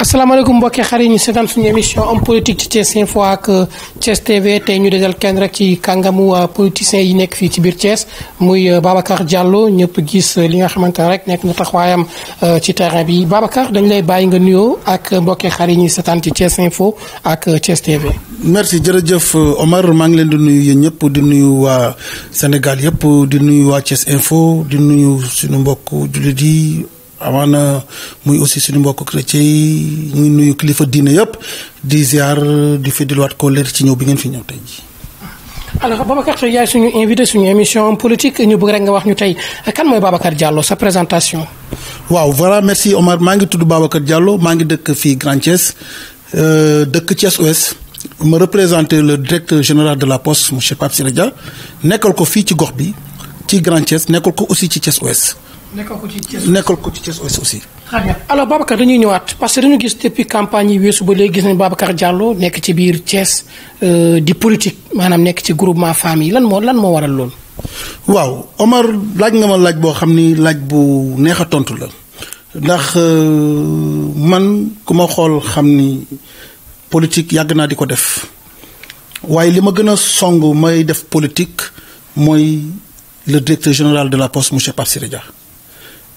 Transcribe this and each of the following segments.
asalaamaaleykum mbokki xar ñu seetaan suñu émission homme politique ci Thiès Info ak Thiès TV tey ñu dajal kenn rek ci kàngamu euh, politiciens yi nekk fii ci biir Thiès muy euh, Babacar jàlloo ñëpp gis euh, li nga xamante ne rek nekk na taxawaayam ci terrain bi Babacar dañu lay bàyyi nga nuyoo ak mbokki xar yi ñu seetaan ci Thiès Info ak Thiès TV. merci jërëjëf Omar maa ngi leen di nuyu yéen ñëpp di nuyu waa Sénégal yëpp di nuyu waa Thiès Info di nuyu suñu mbokk jullit yi. amaana muy aussi suñu mbokk chrétien yi ñuy nuyu kilifa diine yëpp di ziar di fi fiddiluwaat ko leer ci ñëw bi ngeen fi ñëw tey ji alors Babacar yaay suñu invité suñu émission politique ñu bëgg rek nga wax ñu tey kan mooy Babacar Diallo sa présentation. waaw voilà merci Omar maa ngi tudd Babacar Diallo maa ngi dëkk fii Grand Thiès euh, dëkk Thiès Ouest ma représenté le directeur général de la poste monsieur Pape Siré nekkal ko fii ci gox bi ci Grand Thiès nekkal ko aussi ci Thiès Ouest. nekkal ko ci Thiès nekkal ko ci Thiès aussi. très bien alors Babacar dañuy ñëwaat parce que dañu gis depuis campagne yi weesu ba léegi gis nañu Babacar Diallo nekk ci biir Thiès euh, di politique maanaam nekk ci groupement femmes yi lan moo lan moo waral loolu. waaw Omar laaj nga ma laaj boo xam ni laaj bu neex a tontu la ndax euh, man ku ma xool xam ni politique yàgg naa di ko def waaye li ma gën a songu may def politique mooy le directeur général de la poste monsieur Pape Siré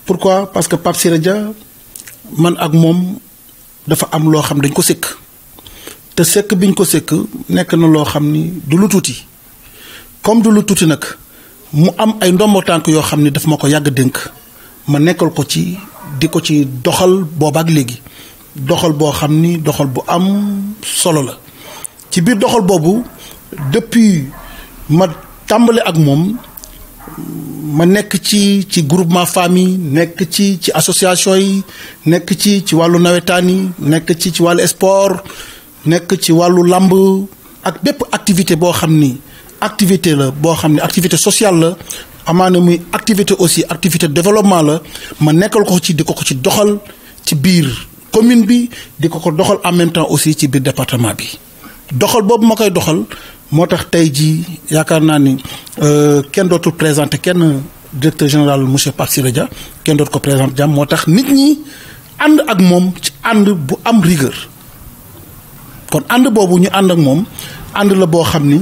pourquoi parce que Pape Siré Dia man ak moom dafa am loo xam dañ ko sëkk te sëkk biñ ko sëkk nekk na loo xam ni du lu tuuti comme du lu tuuti nag mu am ay ndombo tànk yoo xam ni daf ma ko yàgg dénk ma nekkal ko ci di ko ci doxal boobu ak léegi doxal boo xam ni doxal bu am solo la ci biir doxal boobu depuis ma tàmbali ak moom ma nekk ci ci groupement famille nekk ci ci association yi nekk ci ci wàllu nawetaan nekk ci ci wàllu sport nekk ci wàllu làmb ak bépp activité boo xam ni activité la boo xam ne activité sociale la amaana muy activité aussi activité développement la ma nekkal ko ci di ko ko ci doxal ci biir commune bi di ko ko doxal en même temps aussi ci biir département bi doxal boobu ma koy doxal moo tax tey jii yaakaar naa ni euh, kenn dootul présenté kenn directeur général monsieur Pape ja kenn dootu ko présenté jàmm moo tax nit ñi ànd ak moom ci ànd bu am rigueur kon ànd boobu ñu ànd ak moom ànd la boo xam ni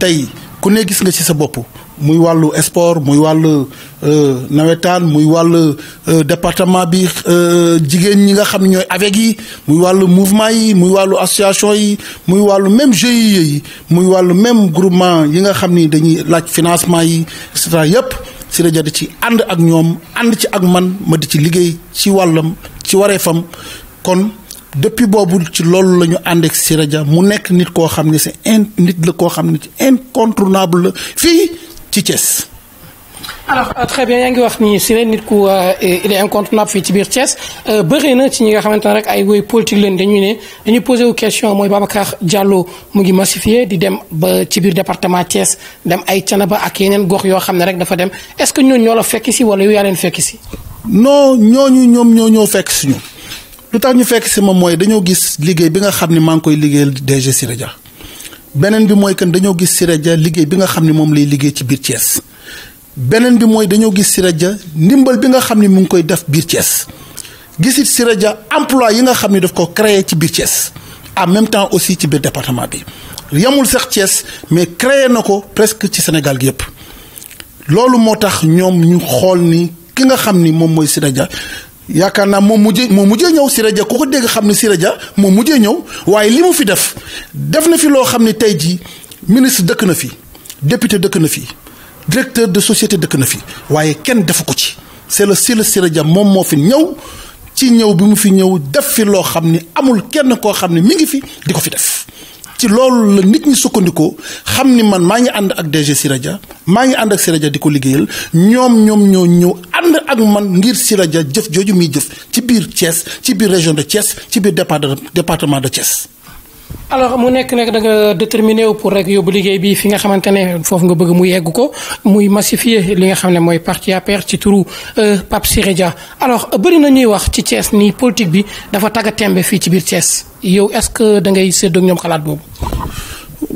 tey ku ne gis nga ci sa bopp muy wàllu esport muy wàllu euh, nawetaan muy wàllu euh, département bi euh, jigéen ñi nga xam ne ñooy avec yi muy wàllu mouvement yi muy wàllu association yi muy wàllu même GIE yi muy wàllu même groupement yi nga xam ni dañuy laaj financement yi et cetera yépp si la di ci ànd ak ñoom ànd ci ak man ma di ci liggéey ci wàllam ci wareefam kon depuis boobu ci loolu la ñu ànd ak Siré mu nekk nit koo xam ne si in nit la koo xam ne ci incontournable la fii ci Thiès. alors euh, très bien yaa ngi wax ni Siré nit ku euh, il est incontournable fii ci biir Thiès euh, bëree na ci ñi nga xamante rek ay woy politique leen dañuy né dañuy poser wu question moy Babacar Diallo mu ngi massifié di dem ba ci bir département Thiès dem ay tianaba ak yenen gox yo xamne rek dafa dem est-ce que ñooñu ñoo la fekk ci wala yu ya len fekk ci non ñoo ñu ñom ñoo ñoo fekk ci ñu lu tax ñu fekk ci moom mooy dañoo gis liguey bi nga xamni ni maa ngi koy liggéeyal DG Siré beneen bi mooy kan dañoo gis Siré Dia liggéey bi nga xam ne moom lay liggéey ci biir Thiès beneen bi mooy dañoo gis Siré Dia ndimbal bi nga xam ne mu ngi koy def biir Thiès gisit Siré Dia emploi yi nga xam ne daf ko créé ci biir Thiès en même temps aussi ci biir département bi yamul sax Thiès mais créé na ko presque ci Sénégal gi yëpp loolu moo tax ñoom ñu xool ni ki nga xam ni moom mooy Siré Dia yaakaar naa moom mujjee moom mujjee ñëw Siré Dia ku ko dégg xam ne Siré Dia moom mujjee ñëw waaye li mu fi def def na fi loo xam ne tey jii ministre dëkk na fi député dëkk na fi directeur de société dëkk na fi waaye kenn defu ko ci c'est le Siré Siré moom moo fi ñëw ci ñëw bi mu fi ñëw def fi loo xam ni amul kenn koo xam ne mi ngi fi di ko fi def. ci loolu la nit ñi sukkandikoo xam ni man maa ngi ànd ak DG Siradia maa ngi ànd ak Siradia di ko liggéeyal ñoom ñoom ñoo ñëw ànd ak man ngir Siradia jëf jooju muy jëf ci biir Thiès ci biir région de Thiès ci biir département de Thiès. alors mu nekk nekk da nga déterminé pour rek yóbbu liggéey bi fi nga xamante ne foofu nga bëgg mu yegg ko muy massifié li nga xam ne mooy parti APR ci turu euh, Pape sirédia alors bëri na ñuy wax ci Thiès ni politique bi dafa tagga tembe fii ci biir Thiès yow est ce que da ngay séddoog ñoom xalaat boobu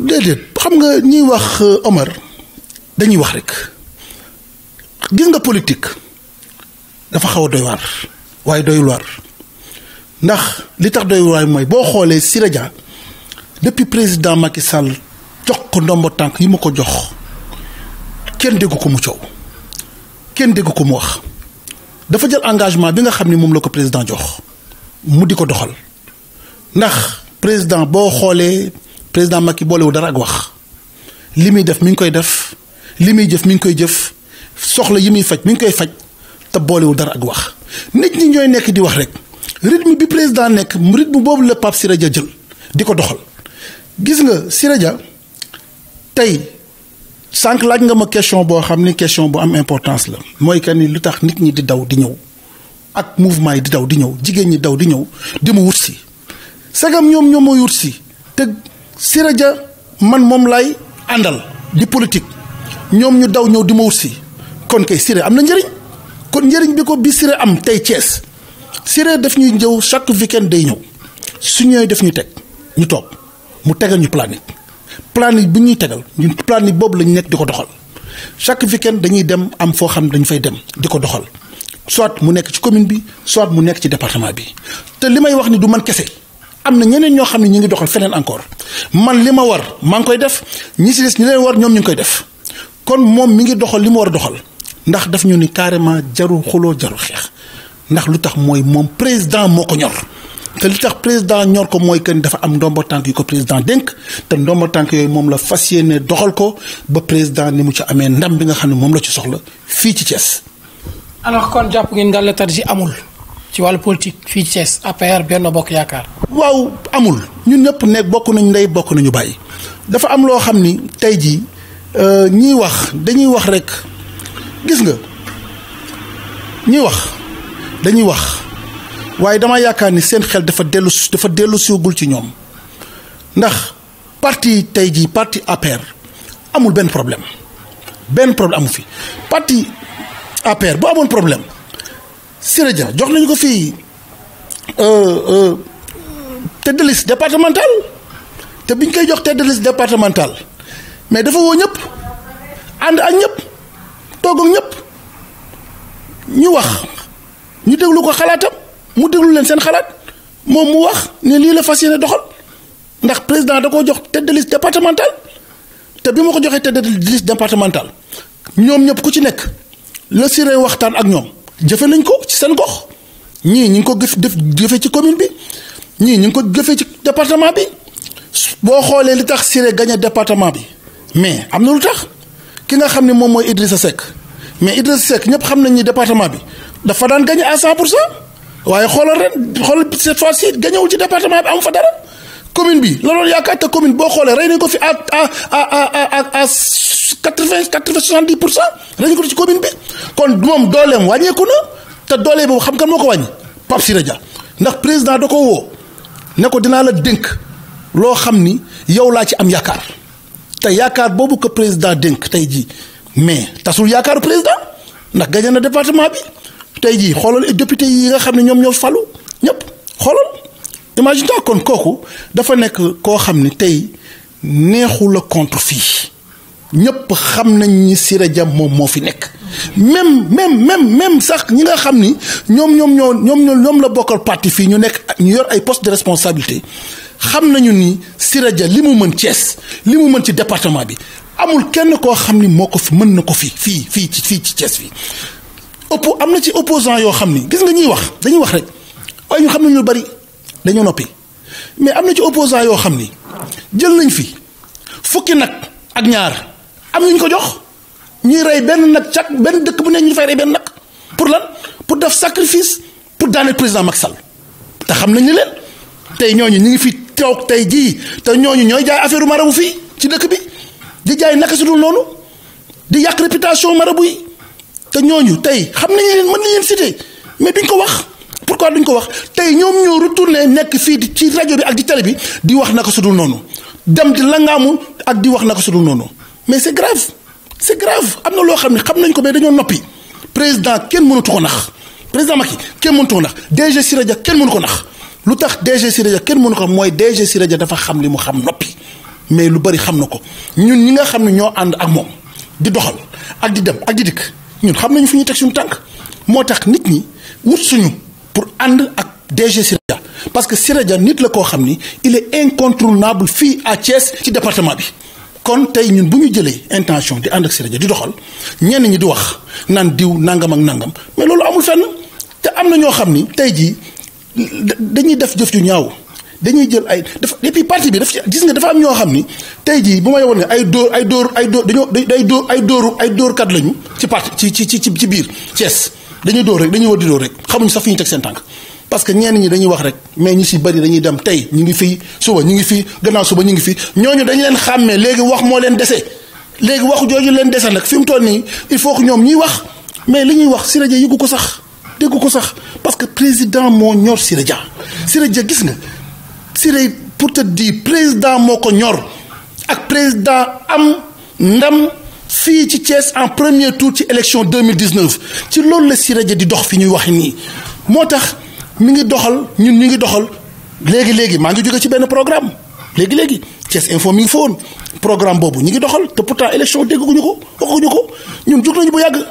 déedéet xam nga ñuy wax euh, Omar dañuy wax rek gën nga politique dafa xaw a doy waaye doyul ndax li tax doy waar mooy boo xoolee Siré Dia depuis président Macky Sall jox ko ndombo tànk yi ma ko jox kenn dégg ko mu coow kenn dégg ko mu wax dafa jël engagement bi nga xam ni moom la ko président jox mu di ko doxal ndax président boo xoolee. président Macky boolewu dara ak wax li muy def mi ngi koy def li muy jëf mi ngi koy jëf soxla yi muy faj mi ngi koy faj te boolewu dara ak wax nit ñi ñooy nekk di wax rek rythme bi président nekk rythme boobu la Pape Siré Dia jël di ko doxal gis nga Siré Dia tey sànq laaj nga ma question boo xam ni question bu am importance la mooy que ni lu tax nit ñi di daw di ñëw ak mouvement yi di daw di ñëw jigéen ñi daw di ñëw di ma wut si segam ñoom ñoom mooy Siré ja man moom lay àndal di politique ñoom ñu daw ñëw di ma wut si kon kay Siré am na njëriñ kon njëriñ bi ko bi Siré am tey Thiès Siré daf ñuy ñëw chaque weekend day ñëw su ñëwee def ñu teg ñu toog mu tegal ñu planning planning bu ñuy tegal ñun planning boobu la ñu nekk di ko doxal chaque weekend dañuy dem am foo xam dañu fay dem di ko doxal soit mu nekk ci commune bi soit mu nekk ci département bi te li may wax ni du man kese. am na ñeneen ñoo xam ne ñu ngi doxal feneen encore man li ma war maa ngi koy def ñi si des ñi leen war ñoom ñu ngi koy def kon moom mi ngi doxal li mu war a doxal ndax daf ñu ni carrément jaru xuloo jaru xeex ndax lu tax mooy moom président moo ko ñor te li tax président ñor ko mooy que dafa am ndomba tànk yu ko président dénk te ndomba tànk yooyu moom la fas yéene doxal ko ba président ni mu ci amee ndam bi nga xam ne moom la ci soxla fii ci Thiès. alors kon jàpp ngeen nga léthargie amul. ci wàllu politique fii ci CES APR benn bokk yaakaar. waaw amul ñun ñëpp nekk bokk nañ ndey bokk nañu bàyyi dafa am loo xam ni tey jii euh, ñiy wax dañuy wax rek gis nga ñiy wax dañuy wax waaye dama yaakaar ni seen xel dafa dellu dafa dellu siwagul ci ñoom ndax parti tey jii parti APR amul ben problème ben problème amu fi parti APR bu amoon problème. Siré Dia jox nañ ko fi euh jok euh, tedelis departemental. te biñ koy jox tedelis de départemental mais dafa wo ñep and ak ñep togo ñep ñu wax ñu deglu ko xalaatam mu deglu len sen xalaat mom mu wax ne li la fasiyene doxal ndax président da ko jox tedelis te bima ko joxe tedelis départemental ku ci nek le waxtan ak ñom jëfe nañ ko ci seen gox ñii ñu ngi ko def def jëfe ci commune bi ñii ñu ngi ko jëfe ci département bi boo xoolee li tax Siré gagné département bi mais am na lu tax ki nga xam ne moom mooy sa Seck mais Idrissa Seck ñëpp xam nañ ni département bi dafa daan gagné à 100 pour cent waaye xoolal ren xoolal set fois ci gagné ci département bi amu fa dara. commune bi la doon yaakaar te commune boo xoolee rey nañ ko fi a à à à à quatre vingt quatre vingt soixante dix pour cent rey nañ ko ci commune bi kon moom dooleem wàññeeku na te doole boobu xam nga moo ko wàññi Pape Siré Dia ndax président da ko woo ne ko dinaa la dénk loo xam ni yow laa ci am yaakaar te yaakaar boobu ko président dénk tey jii mais tasul yaakaaru président ndax gañe na département bi tey jii xoolal député yi nga xam ne ñoom ñoo falu ñëpp xoolal. imagine-toi kon kooku dafa nek ko xamni tay tey neexu la contre fii ñëpp xam nañ ni Siré Dia moom moo fi nek même même même même sax ñi nga xam ñom ñom ñom ñom ñom la bokal parti fi ñu nek ñu yor ay poste de responsabilité xam nañu ni Siré Dia li mu mën Thiès li mu mën ci département bi amul kenn ko xamni moko fi mën nako fi fi fi ci fii ci Thiès fii. ëpp am ci opposant yo xamni gis nga ñi wax dañuy wax rek waaye ñu xam nañu lu bari. dañoo noppi mais am na ci opposant yoo xam ni jël nañ fi fukki nag ak ñaar am nañ ko jox ñuy rey benn nag caq benn dëkk bu ne ñu fay rey benn nag pour lan pour def sacrifice pour daaneel président Macky sal te xam nañ leen tey ñooñu ñu ngi fi toog tey jii te ñooñu ñooy jaay affaire marabu fii ci dëkk bi di jaay naka su dul noonu di yàq réputation marabu yi te ñooñu tey xam nañ leen mën nañ leen cité mais duñ ko wax. pour pourquoi duñ ko wax tey ñoom ñoo retourné nekk fii di ci rajo bi ak ci télé bi di wax naka sudul noonu dem di langaamul ak di wax naka sudul noonu mais c'est grave c'est grave am na loo xam ne xam nañ ko mais dañoo noppi président kenn mënatu ko nax président Macky kenn mënatu nax DG Siré Dia kenn mënu ko nax lu tax DG Siré Dia kenn mënu ko mooy DG Siré Dia dafa xam li mu xam noppi mais lu bari xam na ko ñun ñi nga xam ne ñoo ànd ak moom di doxal ak di dem ak di dikk ñun xam nañu fi ñuy teg suñu tànk moo tax nit ñi wut suñu. pour ànd ak DG Siraja parce que Siraja nit la koo xam ni il est incontournable fii à Thiès ci département bi kon tey ñun bu ñu jëlee intention di ànd ak Siraja di doxal ñenn ñi di wax naan diw nangam ak nangam mais loolu amul fenn te am na ñoo xam ni tey jii dañuy def jëf ju ñaaw dañuy jël ay dafa et puis bi daf ci gis nga dafa am ñoo xam ni tey jii bu may woon ne ay dóor ay dóor ay dóor dañoo day dóor ay dóoru ay dóorkat lañu ci parti ci ci ci ci biir Thiès. dañu door rek dañu war door rek xamuñu sax fiñu tek sen tank parce que ñen ñi dañuy wax rek mais ñi si bari dañuy dem tay ñi ngi fi suba ñi ngi fi gannaaw suba ñi ngi fi ñoñu dañ leen xamé légui wax mo leen déssé légui wax joju leen déssé nak fimu mu toll ni il faut que ñom ñi wax mais li ñuy wax Siré Dia yëgu ko sax déggu ko sax parce que président mo ñor Siré Dia Siré Dia gis nga Siré pour te dire président moko ñor ak président am ndam Si tu Thiès en premier tour ci élection 2019 ci loolu la des Dia di dox fi wax nii moo mi ngi doxal ñun ñu ngi doxal ngi ci programme léegi Info mi programme ngi doxal te pourtant ñun nañu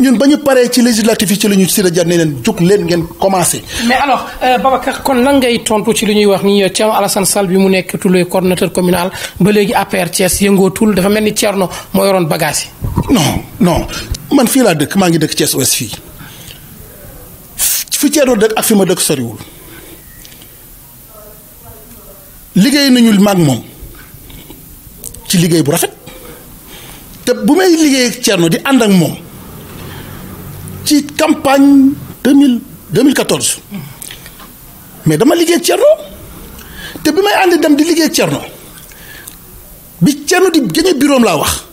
ñun ba ñu paree ci législatif yi ci la ñu si rajo ne leen jóg leen ngeen commencé. mais alors euh, Babacar kon lan ngay tontu ci lu ñuy wax ni Thierno Alassane Sall bi mu nekk tullee coordonnateur communal ba léegi APR Thiès yëngootul dafa mel ni Thierno moo yoroon bagage yi. non non man fii laa dëkk maa ngi dëkk Thiès Ouest fii fi Thierno dëkk ak fi ma dëkk soriwul liggéey nañu maag moom ci liggéey bu rafet te bu may liggéey ak di ànd ak moom. ci campagne deux mille deux mille quatorze mais dama liggéey Thierno te bi may ànd dem di liggéey Thierno bi Thierno di génne bureau laa wax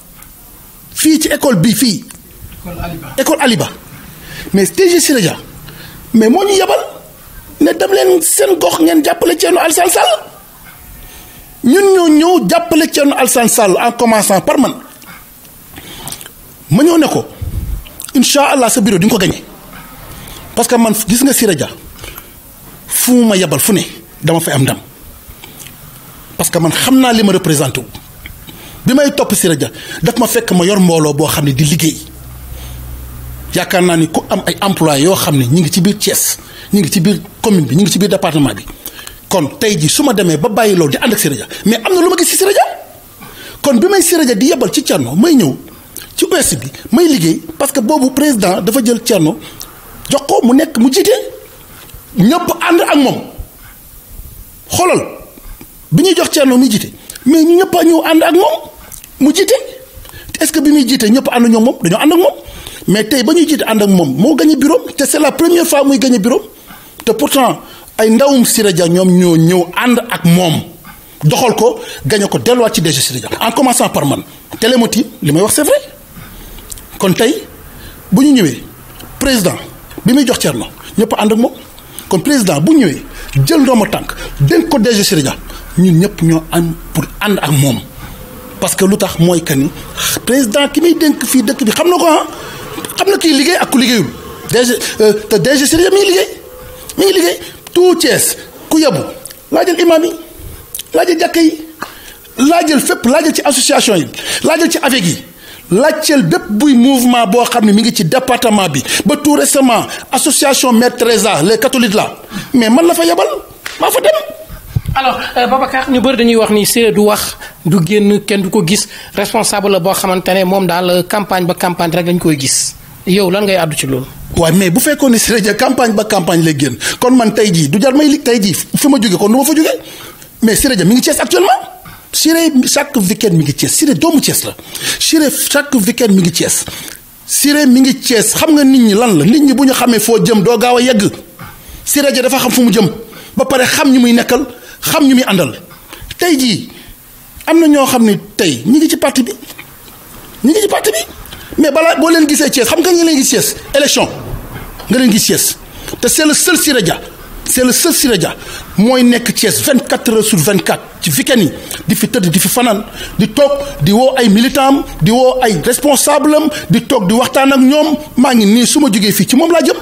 fii ci école bi fii. école Aliba école Aliba mais TG Siré mais moo ñu yebal ne dem leen seen gox ngeen jàppale Thierno Alassane Sall ñun ñoo ñëw jàppale Thierno Alassane Sall en commençant par man ma ñëw ne ko. inshallah allah sa biro ding ko gagné parce que man gis nga Siré fuma yabal fune dama fay am dam parce que man xamna li ma représenté bi may top Siré daf ma fekk ma yor mbolo bo xamni di liggéey ni ko am ay emploi yo xamni ñi ngi ci biir Thiès ñi ngi ci biir commune bi ñi ngi ci biir département bi kon tay ji suma ma ba di and ak Siré mais amna luma lu gis si Siré kon bi may Siré di yebal ci Thierno may ñew ci bi may parce que président dafa jël mu mu ñëpp ak jox mais ñu a ak moom mu est-ce que bi muy ñëpp ànd moom dañu ànd ak moom mais tey ba ñuy jiite ak gagné bureau te c'est la première fois muy gagné bureau te pourtant ay ndawum ñoom ñëw ànd ak moom doxal ko gagné ko ci en commençant par man télémoti le c'est vrai kon tay bu ñu président bi muy jox tierno ñëpp de ak mom kon président bu ñëwé jël tank den ko déjà ñun ñëpp ñoo am pour un ak parce que nous moy mooy président ki muy dénk fi dëkk bi xamna ko ha ah xamna ki liggéey ak ku liggéeyul euh, te mi liggéey mi liggéey tout il ku a laa jël yi jël yi jël ci association yi ci yi laajteel bépp buy mouvement boo xam ne mi ngi ci département bi ba tout récemment association Mère Teresa les catholiques là mais man la fa yebal maa fa dem. alors euh, Babacar ñu bëri dañuy wax ni séeréer du wax du génn kenn du ko gis responsable la boo xamante ne moom daal euh, campagne ba campagne rek lañ koy gis yow lan ngay àddu ci loolu. waaye mais bu fekkoon ne séeréer ja campagne ba campagne lay génn kon man tey jii du jar may lig tey jii fi ma jógee kon du ma fa jógee mais séeréer ja mi ngi ci actuellement. Siré chaque weekend mi ngi Thiès Siré doomu cees la Siré chaque weekend mi ngi cees Siré mi ngi Thiès xam nga nit ñi lan la nit ñi bu ñu xamee foo jëm doo gaaw a yegg Siré ja dafa xam fu mu jëm ba pare xam ñu muy nekkal xam ñu muy àndal tey jii am na ñoo xam ne tey ñi ngi ci parti bi ñi ngi ci parti bi mais balaa boo leen gisee Thiès xam nga ñi leen gis Thiès élection nga leen gis Thiès te c'est le seul Siré Dia c'est le seul Siré Dia moy nek Thiès 24 heures sur 24 ci weekend di fi teud di fi fanaan di tok di wo ay militant di wo ay responsable di tok di waxtan ak ñom ma ngi ni suma ma fi ci mom la jëm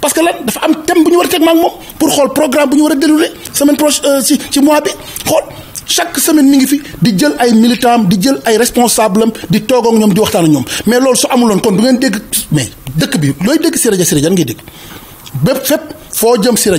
parce que lan dafa am thème bu ñu wara tek mak mom pour xol programme bu ñu wara déroulé semaine prochaine euh, ci ci mois bi xool chaque semaine mi ngi fi di jël ay militant di jël ay responsable di toog ak ñom di waxtaan ak mais lool su amuloon kon du ngeen dégg mais dëkk bi loy dégg Siré Dia Siré Dia ngay dégg bépp fépp foo jëm Siré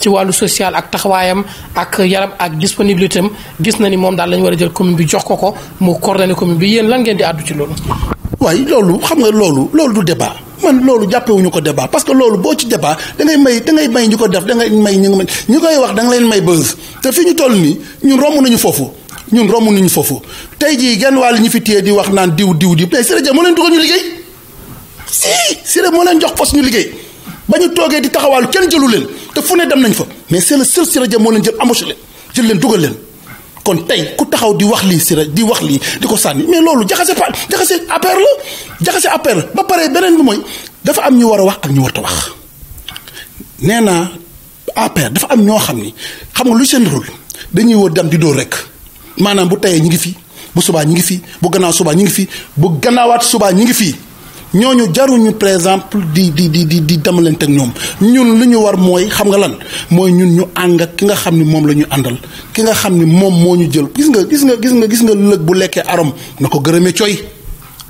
ci walu social ak taxawayam ak yaram ak disponibilité gis na ni mom dal lañ wara jël commune bi jox ko ko mu coordonner commune bi yeen lan ngeen di addu ci lolu way lolu xam nga lolu lolu du débat man lolu jappé wuñu ko débat parce que lolu bo ci débat da ngay may da ngay may ñuko def da ngay may ñu ñu koy wax da ngay leen may buzz te fi ñu toll ni ñun romu nañu fofu ñun romu nañu fofu tay ji gën wal ñi fi tiyé di wax naan diw diw di tay sire mo leen dugal ñu liggéey si sire mo leen jox fos ñu liggéey bañu toggé di taxawal kenn jëlu leen te fu ne dem nañ fa mais c'est le seul Siré Dia moo leen jël embauché leen jël leen dugal leen kon tey ku taxaw di wax lii Siré di wax lii di ko sànni mais loolu jaxase pa jaxase affaire la jaxase affaire ba pare beneen bi mooy dafa am ñu war a wax ak ñu warta wax nee naa APR dafa am ñoo xam ni xam nga lu seen rôle dañuy woo dem di dóor rek maanaam bu teyee ñi ngi fi bu subaa ñi ngi fi bu gannaaw subaa ñi ngi fi bu gannaawaat subaa ñi ngi fii ñooñu jaruñu par exemple di di di di di demalante ak ñoom ñun li ñu war mooy xam nga lan mooy ñun ñu ànd ak ki nga xam ni moom la ñu àndal ki nga xam ni moom moo ñu jël gis nga gis nga gis nga gis nga lëg bu lekkee arom na ko gërëmee coy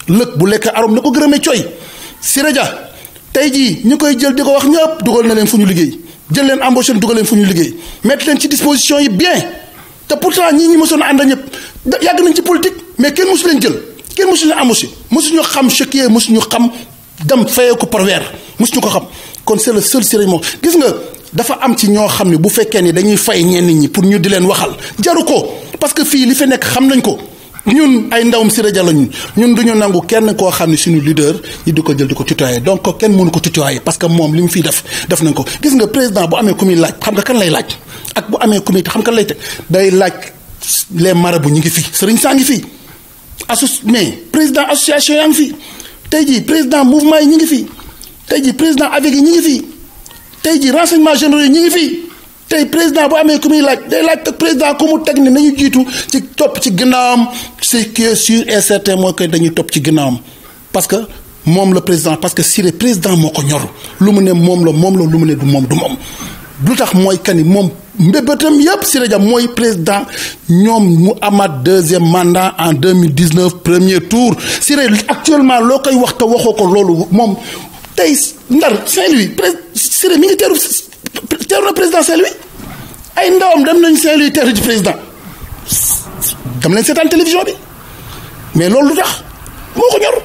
lëg bu lekkee arom na ko gërëmee coy si Dia tey jii ñu koy jël di ko wax ñëpp dugal na leen fu ñu liggéey jël leen embauché dugal leen fu ñu liggéey mettre leen ci disposition yi bien te pourtant ñii ñi mosoon ànd ñëpp yàgg nañ ci politique mais kenn mosu leen jël kenn mosuñu amusi mosuñu xam chéquier mosuñu xam dem fayee ko par weer mosuñu ko xam kon c'est le seul sérieux moom gis nga dafa am ci ñoo xam ne bu fekkee ni dañuy fay ñenn ñi pour ñu di leen waxal jaru ko parce que fii li fi nekk xam nañ ko ñun ay ndawum si rajo lañu ñun duñu nangu kenn koo xam ne suñu leader yi di ko jël di ko tutoyer donc kenn mënu ko tutoyer parce que moom li mu fiy def def nañ ko gis nga président bu amee ku muy laaj xam nga kan lay laaj ak bu amee ku muy nga kan lay teg day laaj les bu ñu ngi fii sëriñ saa ngi fii asus mais président association yaa ngi fi tey jii président mouvement yi ñu ngi fi tey jii président avec yi ñu ngi fi tey jii renseignement généraux yi ñu ngi fi tay président bu amé kumuy muy laaj day laaj président ku mu ne nañu jitu ci top ci ginnaawam ce qui est sûr et certain mooy que dañuy top ci ginnaawam parce que mom le président parce que si le président moo ñor lu mu ne moom la moom la lu mu ne du mom du mom lu tax mooy kani moom mbébétam yépp Siré Dia mooy président ñoom mu amaat deuxième mandat en deux mille dix neuf premier tour Siré actuellement loo koy wax te waxoo ko loolu moom tey ndar Saint-Louis pré Siré mi ngi teeru teeru na président Saint-Louis ay ndawam dem nañ Saint-Louis teeru ci président dam leen seetaan télévision bi mais loolu lu tax moo ko ñor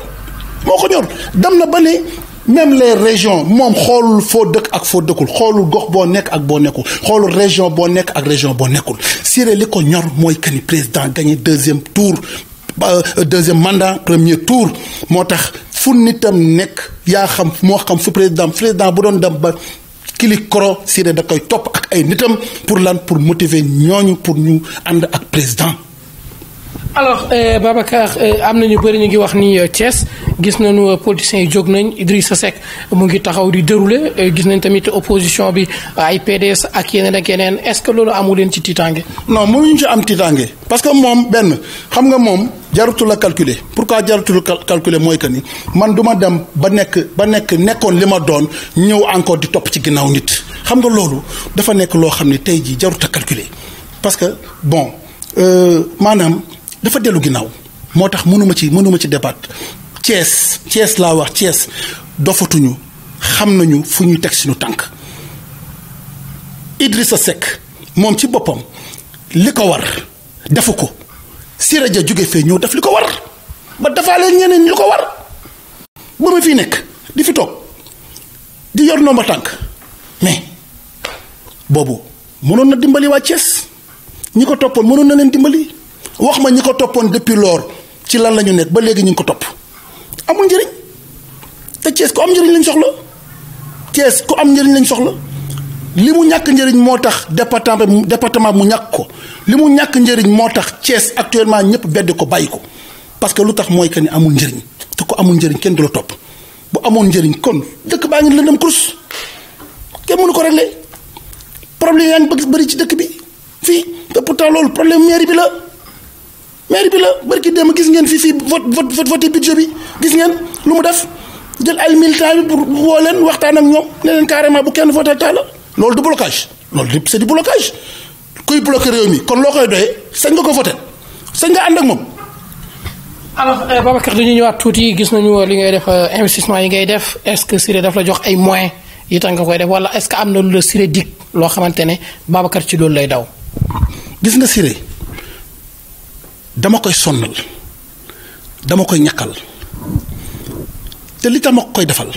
moo ko ñor dem na ba ne même les régions mom fo deuk ak fo gox bo nek ak bo région bo nek ak région bo Si président gagné deuxième tour euh, deuxième mandat premier tour motax fu nitam xam président président bu de dem ba da koy top ak pour pour motiver pour ñu président alors euh, Babacar euh, am na ñu bari ñu ngi wax ni euh, Thiès gis nañu euh, politiciens jog nañ Idrissa Seck mu ngi taxaw di dérouler gis nañ tamit opposition bi ay PDS ak yeneen ak yeneen est-ce que loolu amu leen ci tiitaange. non ñu ci am tiitaange parce que moom benn xam nga moom jarutu la calculer pourquoi jarutu la calculer mooy que ni man duma dem ba nekk ba nekk nekkoon li ma doon ñëw encore di topp ci ginnaaw nit xam nga loolu dafa nekk loo xam ne tey jii jarut a calculer parce que bon euh, maanaam. dafa dellu ginnaaw moo tax mënuma ci mënuma ci débat Thiès Thiès laa wax cees dofatuñu xam nañu fu ñu teg suñu tànk sa Seck moom ci boppam li ko war defu ko Siré Dia jóge fee ñëw def li ko war ba defaa leen ñeneen ñu ko war ba ma fi nekk di fi toog di yor nomba tànk mais boobu mënoon na dimbali waa Thiès ñi ko toppoon mënoon na leen dimbali wax ma ñi ko toppoon depuis lor ci lan lañu ñu nekk ba léegi ñu ngi ko topp amul njëriñ te Thiès ko am njëriñ lañ soxla Thiès ko am njëriñ lañ soxla li mu ñàkk njëriñ moo tax département département mu ñàkk ko li mu ñàkk njëriñ moo tax Thiès actuellement ñëpp bedd ko bàyyi ko parce que lu tax mooy que ni amul njëriñ te ko amul njëriñ kenn du la topp bu amoon njëriñ kon dëkk baa ngi lëndëm kurus kenn mënu ko réglé problème yaa ngi bëgg bëri ci dëkk bi fii te pourtant loolu problème mairie bi la maire bi la barki démb gis ngeen fii fii vote vote voté budget bi gis ngeen lu mu def jël ay militants bi pour woo leen waxtaan ak ñoom ne leen carrément bu kenn voté taala loolu du blocage loolu lépp c'est blocage kuy bloqué réew mi kon loo koy doyee sañ nga ko voté sañ nga ànd ak moom. alors euh, Babacar ñu ñëwaat tuuti gis nañu li ngay def euh, investissement yi ngay def est-ce que Siré daf la jox ay moyens yi tax nga koy def wala est-ce que am na lu Siré dig loo xamante ne Babacar ci loolu lay daw. nga Siré. dama koy sonnal dama koy ñàkkal te li tax ma koy defal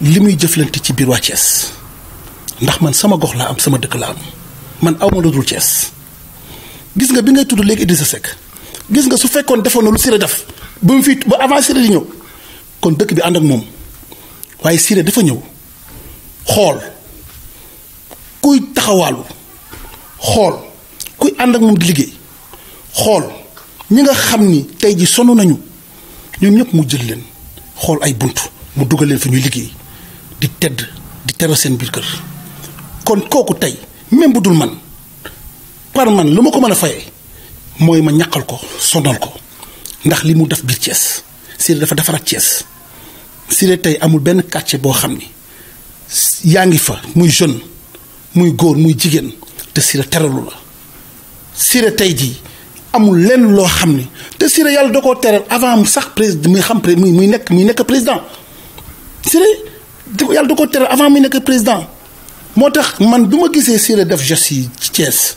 li muy jëflante ci biir waa Thiès ndax man sama gox am sama dëkk am man aw ma lu dul Thiès gis nga bi ngay tudd léegi Idrissa Seck gis nga su fekkoon defoon na lu def ba mu fi ba avant di ñëw kon dëkk bi ànd ak moom waaye Siré dafa ñëw xool kuy taxawaalu xool kuy ànd ak moom di liggéey xool ñi nga xam ni tey ji sonu nañu ñoom ñëpp mu jël leen xool ay buntu mu dugal leen fi ñuy liggéey di tedd di tero seen biir kër kon kooku tey même bu dul man par man lu ma ko mën a fayee ma ñàqal ko sonal ko ndax li mu def biir Thiès si dafa defarat Thiès si la tey amul benn quartier boo xam ni yaa ngi fa muy jeune muy góor muy jigéen te si la teralu la si la tey amul lenn loo xam ni te Siré yàlla da koo teral avant sax président muy xam muy nekk muy nekk président Siré yàlla da ko teral avant muy nekk président moo tax man bi ma gisee Siré def geste yi cees Thiès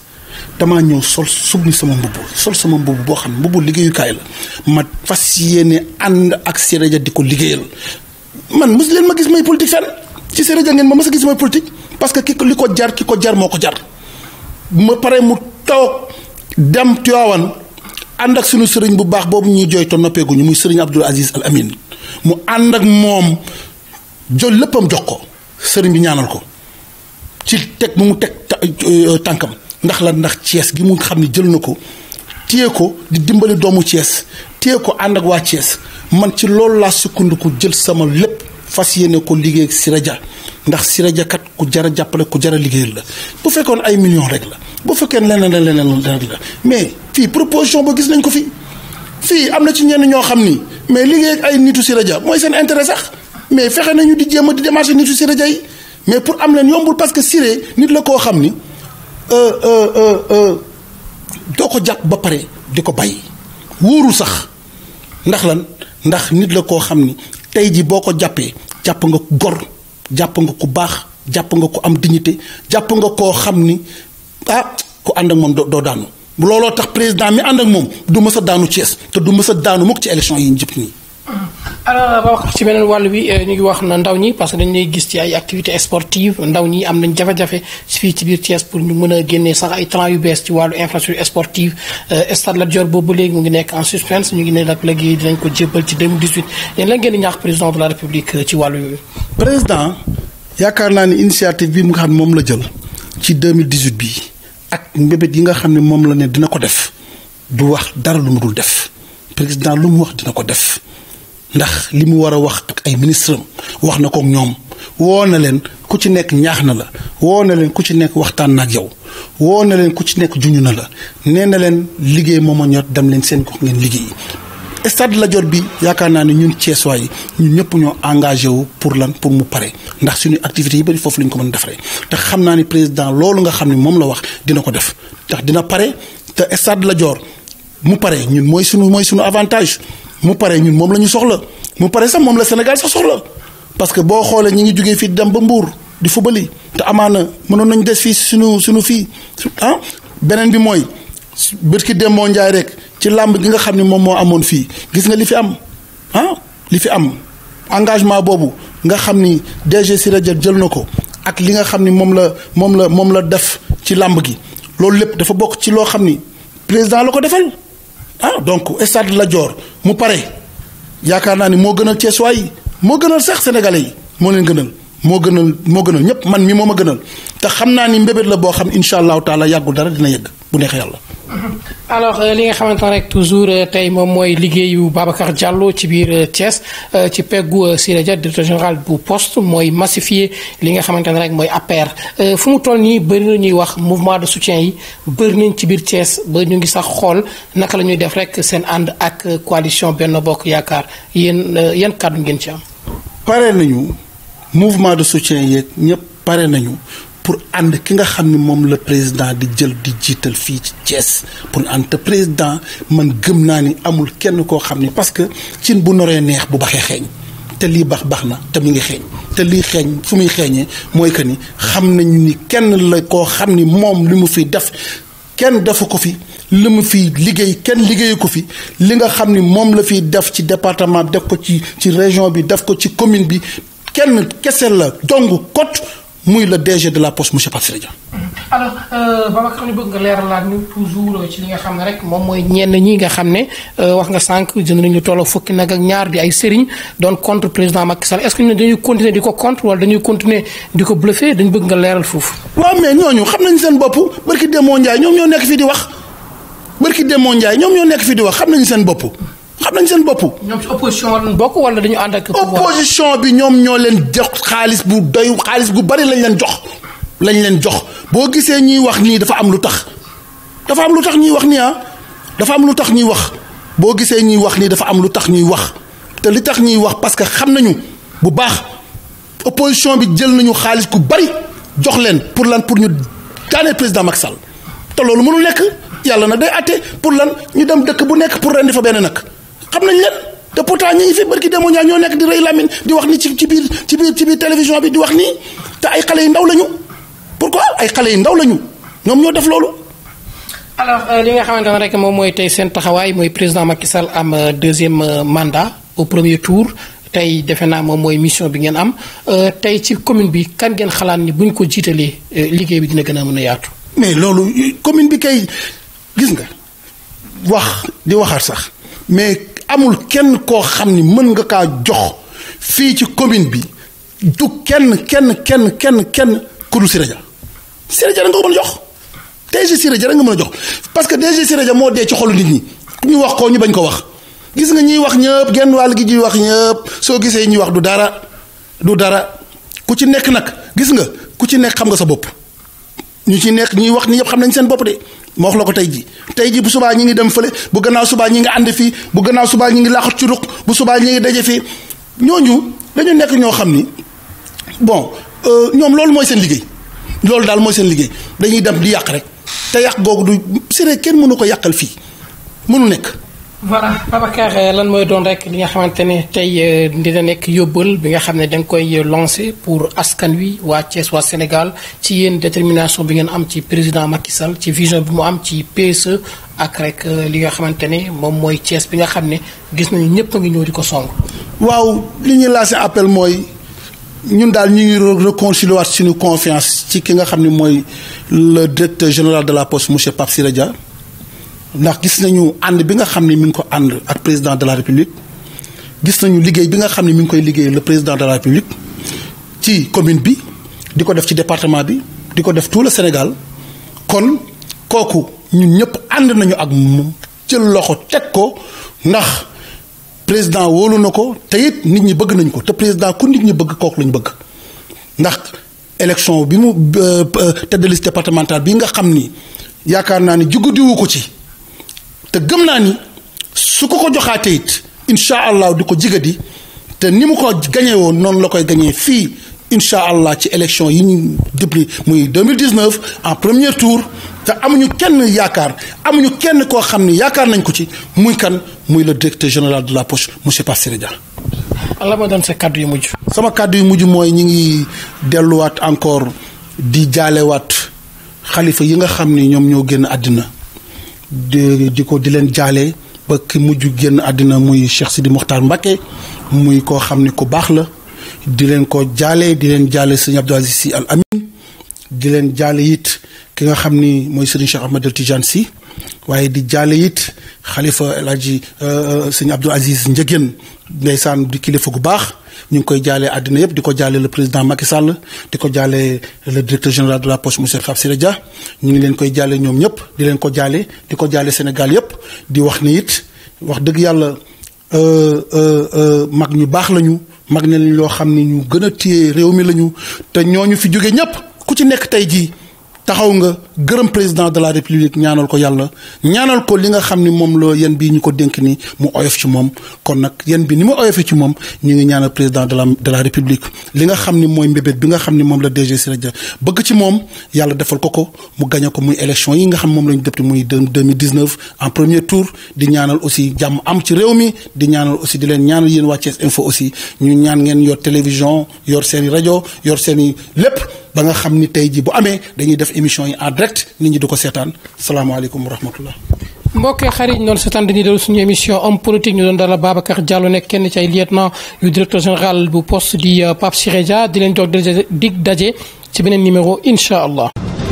damaa ñëw sol sub ni sama mbubb sol sama mbubb boo xam ne mbubb liggéeyukaay la ma fas yéene ànd ak Siré di ko liggéeyal man mos leen ma gis may politique fenn ci Siré Dia ngeen ma mos a gis mooy politique parce que ki li ko jar ki ko jar moo ko jar ma mu toog. dem Tiwaawan ànd ak suñu sëriñ bu baax boobu ñuy jooy noppeeku ñu muy sëriñ Abdul Aziz Al Amin mu ànd ak moom jël léppam jox ko sëriñ bi ñaanal ko ci teg mu teg euh, tànkam ndax la ndax Cees gi mu xam ne jël na ko téye ko di dimbali doomu Cees téye ko ànd ak waa Cees man ci loolu laa sukkandiku jël sama lépp fas yéene ko liggéey ak Siré ndax Siré Dia kat ku jar a jàppale ku jar a liggéeyal la bu fekkoon ay millions rek la bu fekkee leneen la leneen la mais fii proposition ba gis nañ ko fii fii am na ci ñenn ñoo xam ni mais liggéey ak ay nitu Siré Dia mooy seen intérêt sax mais fexe nañu di jéem a di démarché nitu Siré Dia yi mais pour am leen yombul parce que Siré nit la koo xam ni euh, euh, euh, doo ko jàpp ba pare di ko bàyyi wóorul sax ndax lan ndax nit la koo xam ni tey ji boo ko jàppee jàpp nga gor jàpp nga ku baax jàpp nga ko am dignité jàpp nga koo xam ni ah ko and ak mom do, do daanu looloo tax président mi and ak mom du mës a daanu Thiès te du mës a daanu mukk ci élection yi ñu nii. Hmm. alors ba wax ci beneen wàll bi euh, ñu ngi wax na ndaw ñi parce que dañ lay gis ci ay activités sportives ndaw ñi am nañ jafe-jafe fii ci biir Thiès pour ñu mën a génnee sax ay talent yu bees ci wàllu infrastructure sportive euh, stade Lat Dior boobu léegi mu ngi nekk en suspense ñu ngi ne nag léegi dinañ ko jébbal ci 2018 yéen la ngeen di ñaax président de la république euh, ci wàllu yooyu. président yaakaar naa ni initiative bi mu nga xam moom la jël ci 2018 bii. ak mbébét yi nga xam ne moom la ne dina ko def du wax dara lu mu dul def président lu mu wax dina ko def ndax li mu war a wax ak ay ministre wax na ko ñoom woo na leen ku ci nekk ñaax na la woo na leen ku ci nekk waxtaan na ak yow woo na leen ku ci nekk juñu na la nee na leen liggéey moom a ñor dem leen seen gox ngeen liggéey. stade Lat Dior bi yaakaar naa ne ñun Thiessois yi ñun ñëpp ñoo engagé wu pour lan pour mu pare ndax suñu activité yi bëri foofu la ñu ko mën a defaree te xam naa ni président loolu nga xam ni moom la wax dina ko def ndax dina pare te stade Lat Dior mu pare ñun mooy suñu mooy suñu avantage mu pare ñun moom la ñu soxla mu pare sax moom la Sénégal sax soxla parce que boo xoolee ñi ngi jógee fii dem ba Mbour di fubali te amaana mënoon nañu des fii suñu suñu fii ah beneen bi mooy. bërki Demba Ndiaye rek ci làmb gi nga xam ne moom moo amoon fii gis nga li fi am ah li fi am engagement boobu nga xam ni DG si Dia jël na ko ak li nga xam ni moom la moom la moom la def ci làmb gi loolu lépp dafa bokk ci loo xam ni président la ko defal ah donc stade la joor mu pare yaakaar naa ni moo gënal Ceesuwaay yi moo gënal sax sénégalais yi moo leen gënal moo gënal moo gënal ñépp man mi moo ma gënal te xam naa ni mbébét la boo xam incha allahu taala dara dina yëgg bu yàlla Mhm. alors euh, li nga xamante ne rek toujours euh, tey moom mooy liggéeyu Babacar Diallo ci biir euh, Thiès ci peggu Siré Dia directeur général bu post mooy massifier li nga xamante ne rek mooy APR fu mu toll nii bëri na ñuy wax mouvement de soutien yi bëri nañ ci biir Thiès ba ñu ngi sax xool naka la ñuy def rek seen ànd ak coalition benn Bokk Yaakaar yéen yan kàddu ngeen ci am. pare nañu mouvement de soutien yeeg ñëpp pare nañu pour ànd ki nga xam ni moom la président di jël di jiital fii ci Thiès pour ànd te président man gëm naa ni amul kenn koo xam ne parce que cin bu noree neex bu baxee xeeñ te lii bax baax na te mu ngi xeeñ te lii xeeñ fu muy xeeñee mooy que ni xam nañu ni kenn la koo xam ni moom li mu fi def kenn defu ko fi li mu fi liggéey kenn liggéeyu ko fi li nga xam ni moom la fiy def ci département def ko ci ci région bi def ko ci commune bi kenn kese la dong kot muy le DG de la poste monsieur Pape Siré alors euh, Babacar ñu bëgg nga leeralaat ñu toujours ci li nga xamne rek mom moy ñenn ñi nga xamne ne euh, wax nga sank jënd ñu tolo fukki nak ak ñaar di ay sëriñ doon contre président Macky Sall est-ce que ñu dañuy continuer diko contre wala dañuy continuer diko bluffer dañ bëgg nga leral foofu. wa mais ñoñu xam nañ seen bopp barki Demba Ndiaye ñoom ñoo nekk fi di wax barki Demba Ndiaye ñoom ñoo nekk fi di wax xam nañu seen bopp. xam seen bopp. ñoom ci opposition lañ bokk wala dañu ànd ak. bi ñoom ñoo leen jox xaalis bu doy xaalis bu bari lañ leen jox lañ leen jox boo gisee ñuy wax nii dafa am lu tax dafa am lu tax ñuy ah. wax nii dafa am lu tax ñuy wax boo gisee ñuy wax nii dafa am lu tax ñuy wax te li tax ñuy wax parce que xam nañu bu baax opposition bi jël nañu xaalis bu bari jox leen pour lan pour ñu daaneel président Macky Sall te loolu mënul nekk yàlla na day àtte pour lan ñu dem dëkk bu nekk pour rendi fa benn nag. xam nañ leen te pourtant ñi ngi fi barki démo ñaa ñoo nekk di rëy Lamine di wax ni ci biir ci biir ci biir télévision bi di wax nii te ay xale yu ndaw lañu pourquoi ay xale yu ndaw lañu ñoom ñoo def loolu. alors euh, li nga xamante ne rek moom mooy tey seen taxawaay mooy président Macky Sall am euh, deuxième euh, mandat au premier tour tey defe naa moom mooy mission bi ngeen am tey ci commune bi kan ngeen xalaat ni buñ ko jiitalee liggéey bi dina gën a mën a yaatu. mais loolu commune bi kay gis nga wax di waxaat sax amul kenn koo xam ni mën nga kaa jox fii ci commune bi du kenn kenn kenn kenn kenn ku du Siré Dia nga ko mën a jox DG Siré nga mën a jox parce que DG Siré moo dee ci xolu nit ñi ñu wax ko ñu bañ ko wax gis nga ñiy wax ñëpp genn wàll gi ñuy wax ñëpp soo gisee ñuy wax du dara du dara ku ci nekk nag gis nga ku ci nekk xam nga sa bopp ñu ci nekk ñuy wax ni xam nañ seen bopp de moo wax la ko tey ji tey ji bu subaa ñi ngi dem fële bu gannaaw subaa ñi ngi ànd fii bu gannaaw subaa ñi ngi làqat ci ruq bu subaa ñi ngi daje fii ñooñu dañu nekk ñoo xam ni bon euh, ñoom loolu mooy seen liggéey loolu daal mooy seen liggéey dañuy dem di yàq rek te yàq googu du séré kenn mënu ko yàqal fii mënu nekk voilà Babacar que euh, mooy rek li nga pour askan Thiès Sénégal détermination bi président Macky Sall ci vision bi am ci PSE ak rek euh, li nga Thiès bi nga gis lancé appel mooy ñun daal ñu ngi confiance ci ki nga le directeur général de la poste monsieur Pape ndax gis nañu and bi nga xam ne mi ngi ko ànd ak président de la république gis nañu liggéey bi nga xam ne mi ngi koy liggéey le président de la république ci commune bi di ko def ci département bi di ko def tout le sénégal kon kooku ñun ñëpp ànd nañu ak moom jël loxo teg ko ndax président wóolu na ko te it nit ñi bëgg nañ ko te président ku nit ñi bëgg kooku lañ bëgg ndax élection bi mu euh, euh, tête départemental bi nga xam ni yaakaar naa ni ko ci te gëm naa ni su ko ko joxaatee it incha allah du ko di te ni mu ko gañee woon noonu la koy gañee fii incha allah ci élection yi ñu dipli muy 2019 en premier tour te amuñu kenn yaakaar amuñu kenn koo xam ni yaakaar nañ ko ci muy kan muy la directeur général de la poche monsieur Pastore Dia. ala ah, ma doon sa kàddu yu mujj. sama kàddu yu mujj mooy ñi ngi delluwaat encore di jaalewaat xalifa yi nga xam ni ñoom ñoo génn àddina. di ko di leen jaale ba ki mujj génn àddina muy Cheikh Sidi Mokhtar Mbacké muy koo xam ni ku baax la di leen ko jaale di leen jaale sëñ Abdou Aziz Al Amin di leen jaale it ki nga xam ni mooy sëriñ Cheikh Ahmadou Tidiane Sy waaye di jaale it xalifa El Hadji euh, euh, sëñ Abdou Aziz Ndiéguène ndeysaan di kilifa gu baax ñu ngi koy jaalee àddina yëpp di ko jaalee le président Macky Sall di ko jaalee le directeur général de la poste monsieur Pape Siré Dia ñu ngi leen koy jaale ñoom ñëpp di leen ko jaale di jaale Sénégal yëpp di wax ni it wax dëgg yàlla euh, euh, euh, mag ñu baax lañu mag ne lañ loo xam ni ñu gën a téye réew mi lañu te ñoo ñu fi jóge ñëpp ku ci nekk tey jii. taxaw nga gërëm président de la république ñaanal ko yàlla ñaanal ko li nga xam ni moom loo yéen bi ñu ko dénk nii mu oyof ci moom kon nag yéen bi ni mu oyofee ci moom ñu ngi ñaanal président de la la république li nga xam ni mooy mbébét bi nga xam ni moom la DG Siré Dia bëgg ci moom yàlla defal ko ko mu gañe ko muy élection yi nga xam moom la ñu dëpp muy deux mille dix-neuf en premier tour di ñaanal aussi jàmm am ci réew mi di ñaanal aussi di leen ñaanal yéen waa Thiès Info ñu ñaan ngeen yor télévision yor seeni i rajo yor seeni lépp ba nga xam ni tey ji bu amee dañuy def émission yi en direct nit ñi du ko seetaan salaamaaleykum wa rahmatullah mbokkee xarit noonu seetaan dañuy dellu suñu émission homme politique ñu doon dalal Babacar Diallo nekk kenn ci ay lieutenant yu directeur général bu poste di euh, Pape Siré Dia di jox dig daje ci beneen numéro incha allah